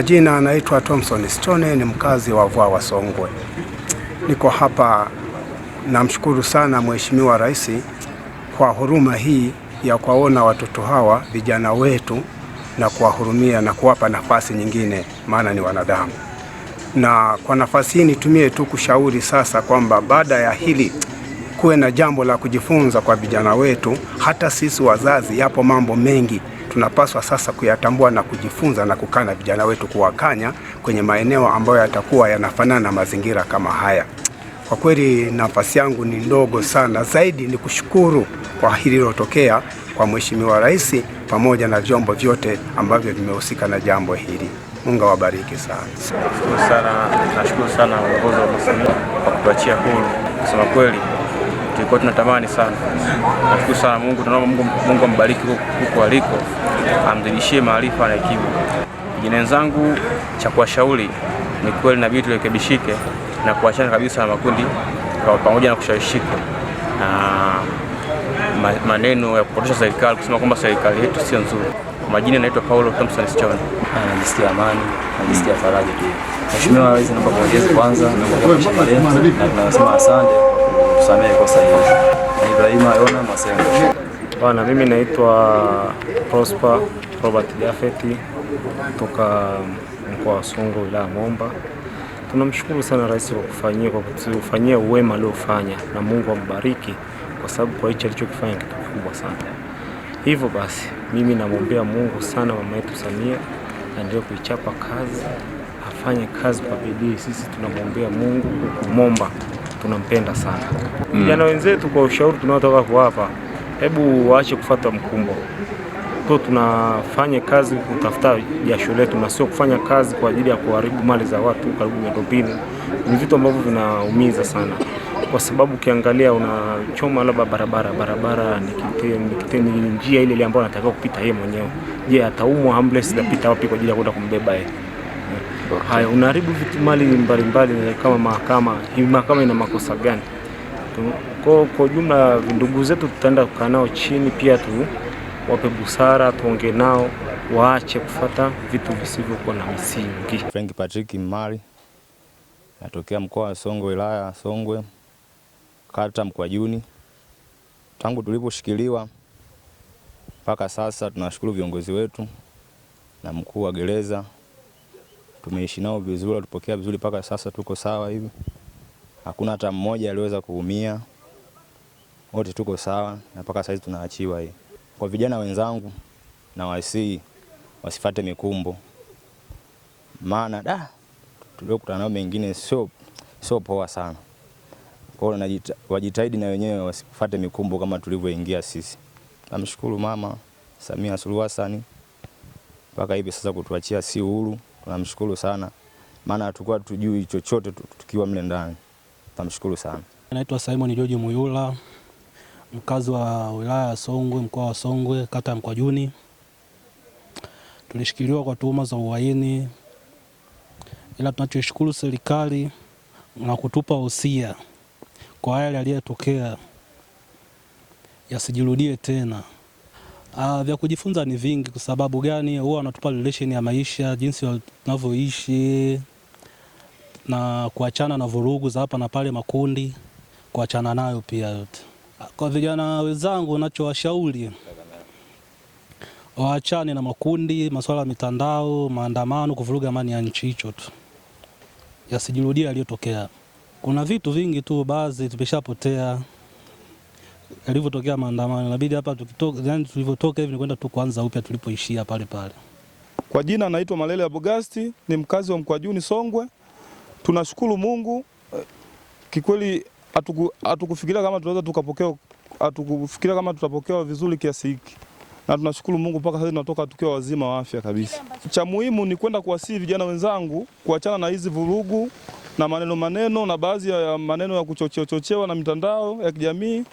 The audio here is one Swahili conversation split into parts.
Majina anaitwa Thompson Stone, ni mkazi wa Vwawa Songwe. Niko hapa, namshukuru sana Mheshimiwa Rais kwa huruma hii ya kuwaona watoto hawa vijana wetu na kuwahurumia na kuwapa nafasi nyingine, maana ni wanadamu. Na kwa nafasi hii nitumie tu kushauri sasa kwamba baada ya hili kuwe na jambo la kujifunza kwa vijana wetu, hata sisi wazazi, yapo mambo mengi tunapaswa sasa kuyatambua na kujifunza na kukaa na vijana wetu kuwakanya kwenye maeneo ambayo yatakuwa yanafanana na mazingira kama haya. Kwa kweli nafasi yangu ni ndogo sana, zaidi ni kushukuru kwa hililotokea kwa Mheshimiwa Rais pamoja na vyombo vyote ambavyo vimehusika na jambo hili. Mungu awabariki sana. Nashukuru sana, nashukuru sana uongozi wa Msanii kwa kutuachia huru kusema kweli tulikuwa tunatamani sana. Nashukuru sana Mungu, tunaomba Mungu, Mungu ambariki huko aliko, amzidishie maarifa na hekima. Vijana wenzangu, cha kuwashauri ni kweli, inabidi turekebishike na kuachana kabisa na makundi pamoja na kushawishika na maneno ya kupotosha serikali, kusema kwamba serikali yetu sio nzuri. Majina naitwa Paulo Thompson Sichoni. Ah, najisikia amani, najisikia faraja tu. Mheshimiwa Rais, naomba kuongeza kwanza na tunasema asante tusamehe kosa hili. Ibrahima Yona Masengo. Bwana, mimi naitwa Prosper Robert Jafeti kutoka mkoa wa Songwe wilaya Momba. Tunamshukuru sana rais kwa kufanyia kwa kutufanyia uwema aliofanya, na Mungu ambariki kwa sababu kwa hicho alichokifanya kitu kikubwa sana. Hivyo basi mimi namwombea Mungu sana mama yetu Samia aendelee kuichapa kazi, afanye kazi kwa bidii. Sisi tunamwombea Mungu kumomba tunampenda sana mm. vijana mm. wenzetu. Kwa ushauri tunaotaka kuwapa, hebu waache kufuata mkumbo to, tunafanya kazi kutafuta jasho letu na sio kufanya kazi kwa ajili ya kuharibu mali za watu karibu miundombinu. Ni vitu ambavyo vinaumiza sana, kwa sababu ukiangalia unachoma labda barabara barabara nikiteni njia ile ile ambayo anatakiwa kupita yeye mwenyewe. Je, ataumwa ambulance itapita wapi kwa ajili ya kwenda kumbeba yeye? Okay. Haya, unaharibu vitu mali mbalimbali kama mahakama. Hii mahakama ina makosa gani? Kwa ujumla, ndugu zetu tutaenda kukaa nao chini, pia tu wape busara, tuongee nao waache kufata vitu visivyokuwa na misingi. Frank Patrick Mmali natokea mkoa wa Songwe, wilaya ya Songwe, kata Mkwajuni. Tangu tuliposhikiliwa mpaka sasa tunashukuru viongozi wetu na mkuu wa gereza tumeishi nao vizuri, tupokea vizuri mpaka sasa, tuko sawa hivi, hakuna hata mmoja aliweza kuumia, wote tuko sawa na mpaka saizi tunaachiwa hii. Kwa vijana wenzangu na wasii wasifate mikumbo, maana da tuliokutana nao mengine sio sio poa sana. Kwa hiyo wajitahidi na wenyewe wasifate mikumbo kama tulivyoingia sisi. Namshukuru Mama Samia Suluhu Hassan mpaka hivi sasa kutuachia si uhuru tunamshukuru sana, maana tulikuwa tujui chochote tukiwa mle ndani. Tunamshukuru sana. Naitwa Simon George Muyula, mkazi wa wilaya ya Songwe, mkoa wa Songwe, kata ya Mkwajuni. Tulishikiliwa kwa tuhuma za uhaini, ila tunachoshukuru serikali na kutupa hosia kwa yale yaliyotokea yasijirudie tena. Uh, vya kujifunza ni vingi. Kwa sababu gani? Huwa wanatupa relation ya maisha, jinsi tunavyoishi na kuachana na vurugu za hapa na pale, makundi kuachana nayo pia yote. Kwa vijana wenzangu, nachowashauri waachane na makundi, masuala ya mitandao, maandamano, kuvuruga amani ya nchi, hicho tu yasijirudie yaliyotokea. Kuna vitu vingi tu, baadhi tumeshapotea yalivyotokea maandamano, inabidi hapa tukitoka, yani tulivyotoka hivi ni kwenda tu kuanza upya tulipoishia pale pale. Kwa jina naitwa Malele Abogasti, ni mkazi wa Mkwajuni Songwe. Tunashukuru Mungu kikweli, hatukufikiria kama tunaweza tukapokea, hatukufikiria kama tutapokewa vizuri kiasi hiki, na tunashukuru Mungu mpaka sasa tunatoka tukiwa wazima wa afya kabisa. Cha muhimu ni kwenda kuwasihi vijana wenzangu kuachana na hizi vurugu na maneno maneno na baadhi ya maneno ya kuchochewa na mitandao ya kijamii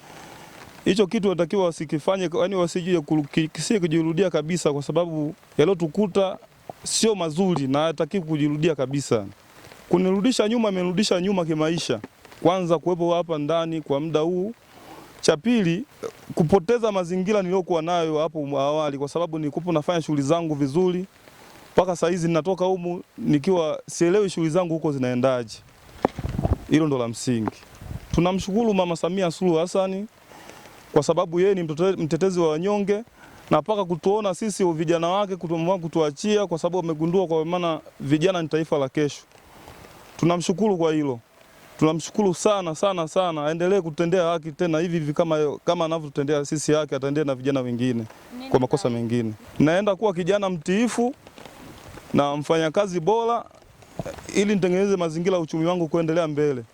hicho kitu watakiwa wasikifanye, yani wasije kisie kujirudia kabisa, kwa sababu yaliyotukuta sio mazuri na hataki kujirudia kabisa. Kunirudisha nyuma, amenirudisha nyuma kimaisha, kwanza kuwepo hapa ndani kwa muda huu, cha pili kupoteza mazingira niliyokuwa nayo hapo awali, kwa sababu nilikuwa nafanya shughuli zangu vizuri mpaka saa hizi ninatoka humu nikiwa sielewi shughuli zangu huko zinaendaje. Hilo ndo la msingi. Tunamshukuru Mama Samia Suluhu Hassan kwa sababu yeye ni mtetezi wa wanyonge na mpaka kutuona sisi vijana wake kutuamua kutuachia, kwa sababu wamegundua kwa maana vijana ni taifa la kesho. Tunamshukuru kwa hilo, tunamshukuru sana sana sana, aendelee kutendea haki tena hivi hivi, kama kama anavyotendea sisi haki, atendee na vijana wengine kwa makosa mengine. Naenda kuwa kijana mtiifu na mfanyakazi bora, eh, ili nitengeneze mazingira ya uchumi wangu kuendelea mbele.